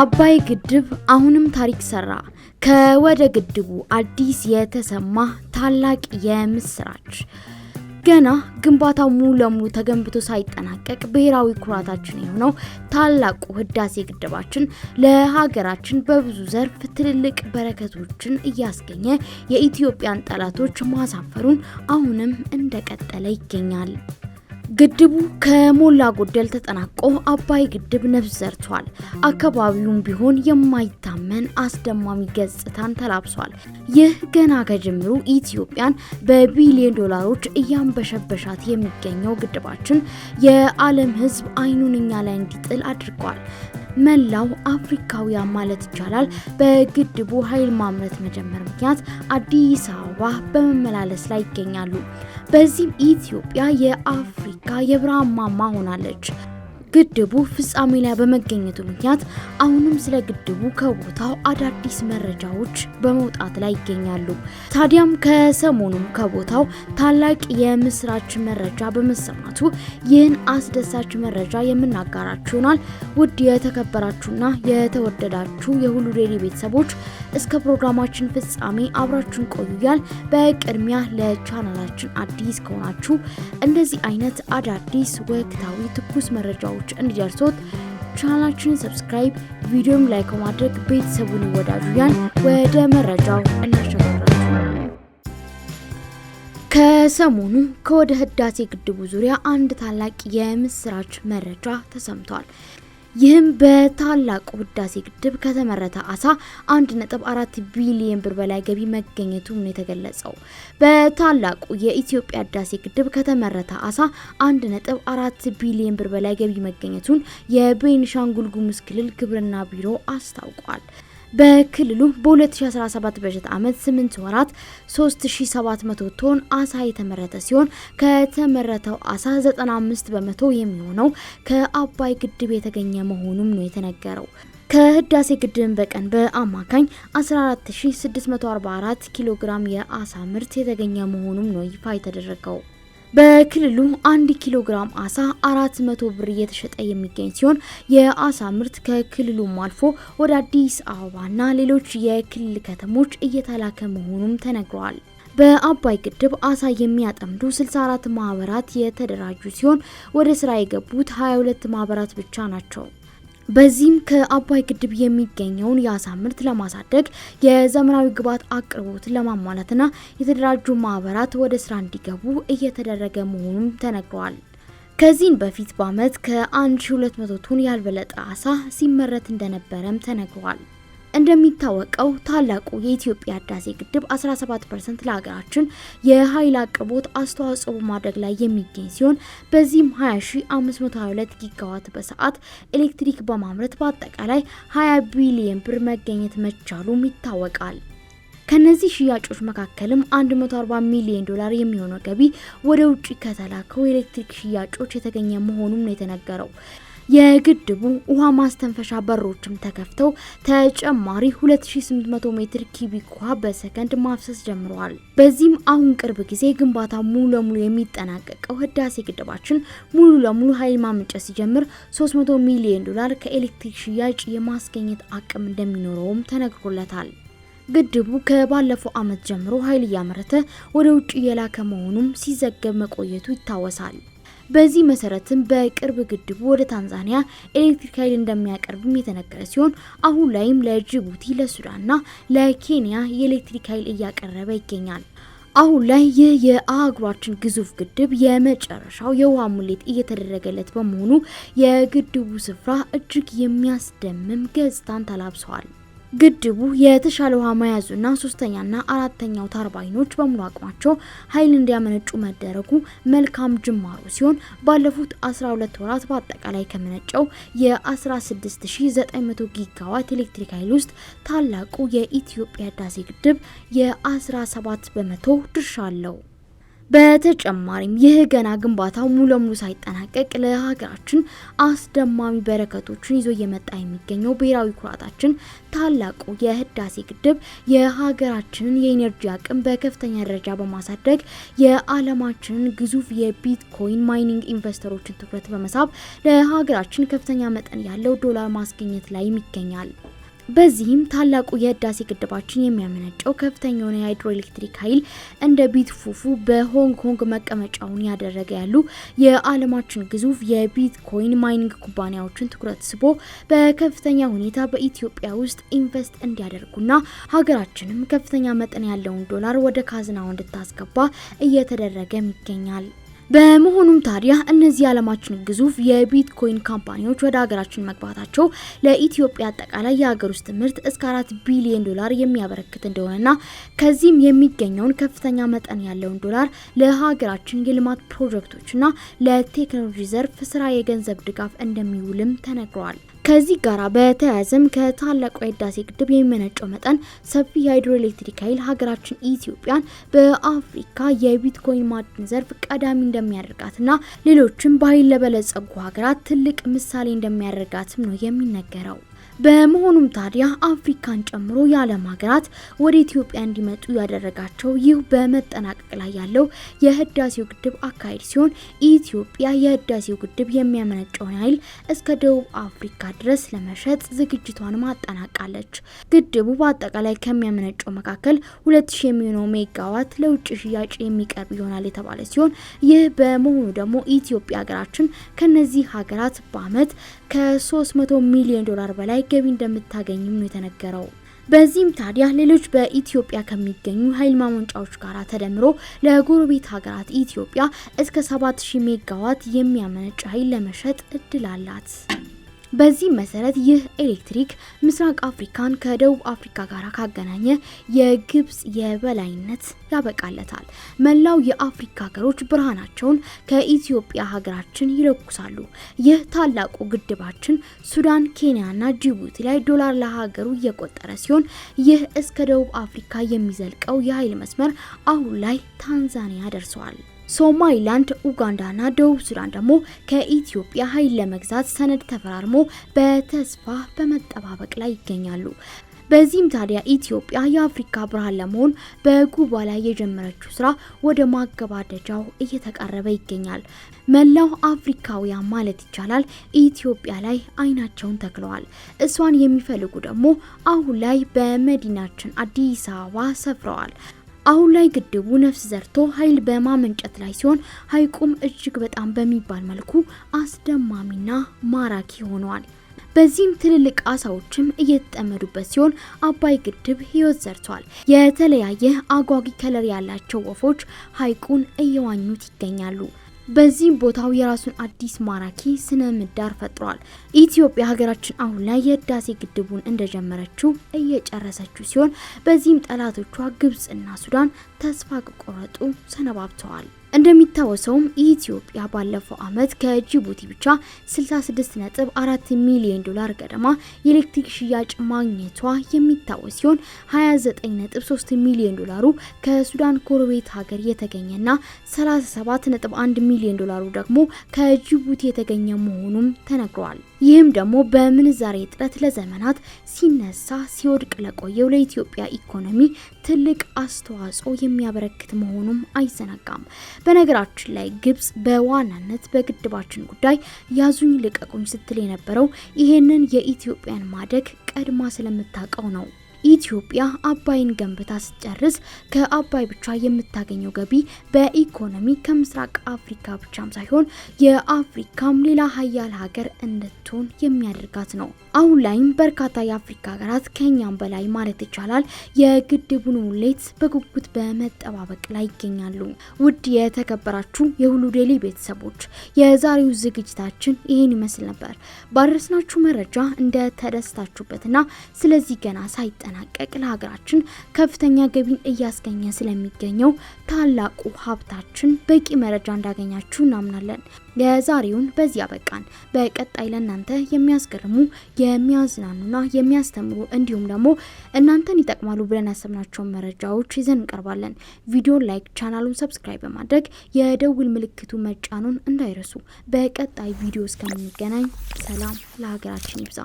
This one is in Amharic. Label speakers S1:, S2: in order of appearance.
S1: አባይ ግድብ አሁንም ታሪክ ሰራ። ከወደ ግድቡ አዲስ የተሰማ ታላቅ የምስራች! ገና ግንባታው ሙሉ ለሙሉ ተገንብቶ ሳይጠናቀቅ ብሔራዊ ኩራታችን የሆነው ታላቁ ህዳሴ ግድባችን ለሀገራችን በብዙ ዘርፍ ትልልቅ በረከቶችን እያስገኘ የኢትዮጵያን ጠላቶች ማሳፈሩን አሁንም እንደቀጠለ ይገኛል። ግድቡ ከሞላ ጎደል ተጠናቆ አባይ ግድብ ነፍስ ዘርቷል። አካባቢውም ቢሆን የማይታመን አስደማሚ ገጽታን ተላብሷል። ይህ ገና ከጅምሩ ኢትዮጵያን በቢሊዮን ዶላሮች እያንበሸበሻት የሚገኘው ግድባችን የዓለም ሕዝብ አይኑን እኛ ላይ እንዲጥል አድርጓል። መላው አፍሪካውያን ማለት ይቻላል በግድቡ ኃይል ማምረት መጀመር ምክንያት አዲስ አበባ በመመላለስ ላይ ይገኛሉ። በዚህም ኢትዮጵያ የአፍሪካ የብርሃን ማማ ሆናለች። ግድቡ ፍጻሜ ላይ በመገኘቱ ምክንያት አሁንም ስለ ግድቡ ከቦታው አዳዲስ መረጃዎች በመውጣት ላይ ይገኛሉ። ታዲያም ከሰሞኑም ከቦታው ታላቅ የምስራች መረጃ በመሰማቱ ይህን አስደሳች መረጃ የምናጋራችሁ ይሆናል። ውድ የተከበራችሁና የተወደዳችሁ የሁሉ ዴይሊ ቤተሰቦች እስከ ፕሮግራማችን ፍጻሜ አብራችሁን ቆዩያል። በቅድሚያ ለቻናላችን አዲስ ከሆናችሁ እንደዚህ አይነት አዳዲስ ወቅታዊ ትኩስ መረጃዎች መረጃዎች እንዲደርሶት ቻናላችንን ሰብስክራይብ፣ ቪዲዮም ላይክ በማድረግ ቤተሰቡን ይወዳጁ። ያን ወደ መረጃው እናሸጋግራችሁ። ከሰሞኑ ከወደ ህዳሴ ግድቡ ዙሪያ አንድ ታላቅ የምስራች መረጃ ተሰምቷል። ይህም በታላቁ ህዳሴ ግድብ ከተመረተ አሳ 1.4 ቢሊዮን ብር በላይ ገቢ መገኘቱ ነው የተገለጸው። በታላቁ የኢትዮጵያ ህዳሴ ግድብ ከተመረተ አሳ 1.4 ቢሊዮን ብር በላይ ገቢ መገኘቱን የቤኒሻንጉል ጉሙዝ ክልል ግብርና ቢሮ አስታውቋል። በክልሉ በ2017 በጀት ዓመት 8 ወራት 3700 ቶን አሳ የተመረተ ሲሆን ከተመረተው አሳ 95 በመቶ የሚሆነው ከአባይ ግድብ የተገኘ መሆኑም ነው የተነገረው። ከህዳሴ ግድብን በቀን በአማካኝ 14644 ኪሎ ግራም የአሳ ምርት የተገኘ መሆኑም ነው ይፋ የተደረገው። በክልሉ አንድ ኪሎ ግራም አሳ 400 ብር እየተሸጠ የሚገኝ ሲሆን የአሳ ምርት ከክልሉም አልፎ ወደ አዲስ አበባና ሌሎች የክልል ከተሞች እየተላከ መሆኑም ተነግሯል። በአባይ ግድብ አሳ የሚያጠምዱ 64 ማህበራት የተደራጁ ሲሆን ወደ ስራ የገቡት 22 ማህበራት ብቻ ናቸው። በዚህም ከአባይ ግድብ የሚገኘውን የአሳ ምርት ለማሳደግ የዘመናዊ ግብዓት አቅርቦትን ለማሟላትና የተደራጁ ማህበራት ወደ ስራ እንዲገቡ እየተደረገ መሆኑም ተነግሯል። ከዚህም በፊት በአመት ከ1200 ቱን ያልበለጠ አሳ ሲመረት እንደነበረም ተነግሯል። እንደሚታወቀው ታላቁ የኢትዮጵያ ህዳሴ ግድብ 17 ፐርሰንት ለሀገራችን የኃይል አቅርቦት አስተዋጽኦ በማድረግ ላይ የሚገኝ ሲሆን በዚህም 20522 ጊጋዋት በሰዓት ኤሌክትሪክ በማምረት በአጠቃላይ 20 ቢሊየን ብር መገኘት መቻሉም ይታወቃል። ከነዚህ ሽያጮች መካከልም 140 ሚሊዮን ዶላር የሚሆነው ገቢ ወደ ውጭ ከተላከው የኤሌክትሪክ ሽያጮች የተገኘ መሆኑም ነው የተነገረው። የግድቡ ውሃ ማስተንፈሻ በሮችም ተከፍተው ተጨማሪ 2800 ሜትር ኪቢክ ውሃ በሰከንድ ማፍሰስ ጀምረዋል። በዚህም አሁን ቅርብ ጊዜ ግንባታ ሙሉ ለሙሉ የሚጠናቀቀው ህዳሴ ግድባችን ሙሉ ለሙሉ ኃይል ማመንጨት ሲጀምር 300 ሚሊዮን ዶላር ከኤሌክትሪክ ሽያጭ የማስገኘት አቅም እንደሚኖረውም ተነግሮለታል። ግድቡ ከባለፈው ዓመት ጀምሮ ኃይል እያመረተ ወደ ውጭ እየላከ መሆኑም ሲዘገብ መቆየቱ ይታወሳል። በዚህ መሰረትም በቅርብ ግድቡ ወደ ታንዛኒያ ኤሌክትሪክ ኃይል እንደሚያቀርብም የተነገረ ሲሆን አሁን ላይም ለጅቡቲ፣ ለሱዳንና ለኬንያ የኤሌክትሪክ ኃይል እያቀረበ ይገኛል። አሁን ላይ ይህ የአህጉራችን ግዙፍ ግድብ የመጨረሻው የውሃ ሙሌት እየተደረገለት በመሆኑ የግድቡ ስፍራ እጅግ የሚያስደምም ገጽታን ተላብሰዋል። ግድቡ የተሻለ ውሃ መያዙና ሶስተኛና አራተኛው ታርባይኖች በሙሉ አቅማቸው ኃይል እንዲያመነጩ መደረጉ መልካም ጅማሮ ሲሆን ባለፉት 12 ወራት በአጠቃላይ ከመነጨው የ16900 ጊጋዋት ኤሌክትሪክ ኃይል ውስጥ ታላቁ የኢትዮጵያ ህዳሴ ግድብ የ17 በመቶ ድርሻ አለው። በተጨማሪም ይህ ገና ግንባታው ሙሉ ለሙሉ ሳይጠናቀቅ ለሀገራችን አስደማሚ በረከቶችን ይዞ እየመጣ የሚገኘው ብሔራዊ ኩራታችን ታላቁ የህዳሴ ግድብ የሀገራችንን የኢነርጂ አቅም በከፍተኛ ደረጃ በማሳደግ የዓለማችንን ግዙፍ የቢትኮይን ማይኒንግ ኢንቨስተሮችን ትኩረት በመሳብ ለሀገራችን ከፍተኛ መጠን ያለው ዶላር ማስገኘት ላይ ይገኛል። በዚህም ታላቁ የህዳሴ ግድባችን የሚያመነጨው ከፍተኛ የሆነ የሃይድሮኤሌክትሪክ ኤሌክትሪክ ኃይል እንደ ፉፉ በሆንግ ኮንግ መቀመጫውን ያደረገ ያሉ የዓለማችን ግዙፍ የቢትኮይን ማይኒንግ ኩባንያዎችን ትኩረት ስቦ በከፍተኛ ሁኔታ በኢትዮጵያ ውስጥ ኢንቨስት እንዲያደርጉና ሀገራችንም ከፍተኛ መጠን ያለውን ዶላር ወደ ካዝናው እንድታስገባ እየተደረገም ይገኛል። በመሆኑም ታዲያ እነዚህ የዓለማችን ግዙፍ የቢትኮይን ካምፓኒዎች ወደ ሀገራችን መግባታቸው ለኢትዮጵያ አጠቃላይ የሀገር ውስጥ ምርት እስከ አራት ቢሊዮን ዶላር የሚያበረክት እንደሆነና ከዚህም የሚገኘውን ከፍተኛ መጠን ያለውን ዶላር ለሀገራችን የልማት ፕሮጀክቶችና ለቴክኖሎጂ ዘርፍ ስራ የገንዘብ ድጋፍ እንደሚውልም ተነግረዋል። ከዚህ ጋር በተያያዘም ከታላቁ የህዳሴ ግድብ የሚመነጨው መጠን ሰፊ የሃይድሮኤሌክትሪክ ኃይል ሀገራችን ኢትዮጵያን በአፍሪካ የቢትኮይን ማዕድን ዘርፍ ቀዳሚ እንደሚያደርጋትና ሌሎችም በኃይል ለበለጸጉ ሀገራት ትልቅ ምሳሌ እንደሚያደርጋትም ነው የሚነገረው። በመሆኑም ታዲያ አፍሪካን ጨምሮ የዓለም ሀገራት ወደ ኢትዮጵያ እንዲመጡ ያደረጋቸው ይህ በመጠናቀቅ ላይ ያለው የህዳሴው ግድብ አካሄድ ሲሆን ኢትዮጵያ የህዳሴው ግድብ የሚያመነጨውን ኃይል እስከ ደቡብ አፍሪካ ድረስ ለመሸጥ ዝግጅቷን ማጠናቃለች። ግድቡ በአጠቃላይ ከሚያመነጨው መካከል ሁለት የሚሆነው ሜጋዋት ለውጭ ሽያጭ የሚቀርብ ይሆናል የተባለ ሲሆን ይህ በመሆኑ ደግሞ ኢትዮጵያ ሀገራችን ከነዚህ ሀገራት በአመት ከ300 ሚሊዮን ዶላር በላይ ገቢ እንደምታገኝም ነው የተነገረው። በዚህም ታዲያ ሌሎች በኢትዮጵያ ከሚገኙ ኃይል ማመንጫዎች ጋር ተደምሮ ለጎረቤት ሀገራት ኢትዮጵያ እስከ 7000 ሜጋዋት የሚያመነጭ ኃይል ለመሸጥ እድል አላት። በዚህ መሰረት ይህ ኤሌክትሪክ ምስራቅ አፍሪካን ከደቡብ አፍሪካ ጋር ካገናኘ የግብፅ የበላይነት ያበቃለታል። መላው የአፍሪካ ሀገሮች ብርሃናቸውን ከኢትዮጵያ ሀገራችን ይለኩሳሉ። ይህ ታላቁ ግድባችን ሱዳን፣ ኬንያና ጅቡቲ ላይ ዶላር ለሀገሩ እየቆጠረ ሲሆን ይህ እስከ ደቡብ አፍሪካ የሚዘልቀው የኃይል መስመር አሁን ላይ ታንዛኒያ ደርሰዋል። ሶማሊላንድ፣ ኡጋንዳና ደቡብ ሱዳን ደግሞ ከኢትዮጵያ ኃይል ለመግዛት ሰነድ ተፈራርሞ በተስፋ በመጠባበቅ ላይ ይገኛሉ። በዚህም ታዲያ ኢትዮጵያ የአፍሪካ ብርሃን ለመሆን በጉባ ላይ የጀመረችው ስራ ወደ ማገባደጃው እየተቃረበ ይገኛል። መላው አፍሪካውያን ማለት ይቻላል ኢትዮጵያ ላይ አይናቸውን ተክለዋል። እሷን የሚፈልጉ ደግሞ አሁን ላይ በመዲናችን አዲስ አበባ ሰፍረዋል። አሁን ላይ ግድቡ ነፍስ ዘርቶ ኃይል በማመንጨት ላይ ሲሆን ሐይቁም እጅግ በጣም በሚባል መልኩ አስደማሚና ማራኪ ሆኗል። በዚህም ትልልቅ አሳዎችም እየተጠመዱበት ሲሆን አባይ ግድብ ህይወት ዘርቷል። የተለያየ አጓጊ ከለር ያላቸው ወፎች ሐይቁን እየዋኙት ይገኛሉ። በዚህም ቦታው የራሱን አዲስ ማራኪ ስነ ምህዳር ፈጥሯል። ኢትዮጵያ ሀገራችን አሁን ላይ የህዳሴ ግድቡን እንደጀመረችው እየጨረሰችው ሲሆን በዚህም ጠላቶቿ ግብጽና ሱዳን ተስፋ ከቆረጡ ሰነባብተዋል። እንደሚታወሰውም ኢትዮጵያ ባለፈው ዓመት ከጅቡቲ ብቻ 66.4 ሚሊዮን ዶላር ገደማ የኤሌክትሪክ ሽያጭ ማግኘቷ የሚታወስ ሲሆን 29.3 ሚሊዮን ዶላሩ ከሱዳን ጎረቤት ሀገር የተገኘና 37.1 ሚሊዮን ዶላሩ ደግሞ ከጅቡቲ የተገኘ መሆኑም ተነግሯል። ይህም ደግሞ በምንዛሬ እጥረት ለዘመናት ሲነሳ ሲወድቅ ለቆየው ለኢትዮጵያ ኢኮኖሚ ትልቅ አስተዋጽኦ የሚያበረክት መሆኑም አይዘነጋም። በነገራችን ላይ ግብጽ በዋናነት በግድባችን ጉዳይ ያዙኝ ልቀቁኝ ስትል የነበረው ይህንን የኢትዮጵያን ማደግ ቀድማ ስለምታውቀው ነው። ኢትዮጵያ አባይን ገንብታ ስትጨርስ ከአባይ ብቻ የምታገኘው ገቢ በኢኮኖሚ ከምስራቅ አፍሪካ ብቻም ሳይሆን የአፍሪካም ሌላ ሀያል ሀገር እንድትሆን የሚያደርጋት ነው። አሁን ላይም በርካታ የአፍሪካ ሀገራት ከኛም በላይ ማለት ይቻላል የግድቡን ሙሌት በጉጉት በመጠባበቅ ላይ ይገኛሉ። ውድ የተከበራችሁ የሁሉ ዴይሊ ቤተሰቦች የዛሬው ዝግጅታችን ይህን ይመስል ነበር። ባደረስናችሁ መረጃ ና ስለዚህ ገና ሳይጠ ሲጠናቀቅ ለሀገራችን ከፍተኛ ገቢን እያስገኘ ስለሚገኘው ታላቁ ሀብታችን በቂ መረጃ እንዳገኛችሁ እናምናለን። የዛሬውን በዚህ አበቃን። በቀጣይ ለእናንተ የሚያስገርሙ የሚያዝናኑና የሚያስተምሩ እንዲሁም ደግሞ እናንተን ይጠቅማሉ ብለን ያሰብናቸውን መረጃዎች ይዘን እንቀርባለን። ቪዲዮ ላይክ፣ ቻናሉን ሰብስክራይብ በማድረግ የደውል ምልክቱ መጫኑን እንዳይረሱ። በቀጣይ ቪዲዮ እስከምንገናኝ ሰላም ለሀገራችን ይብዛ።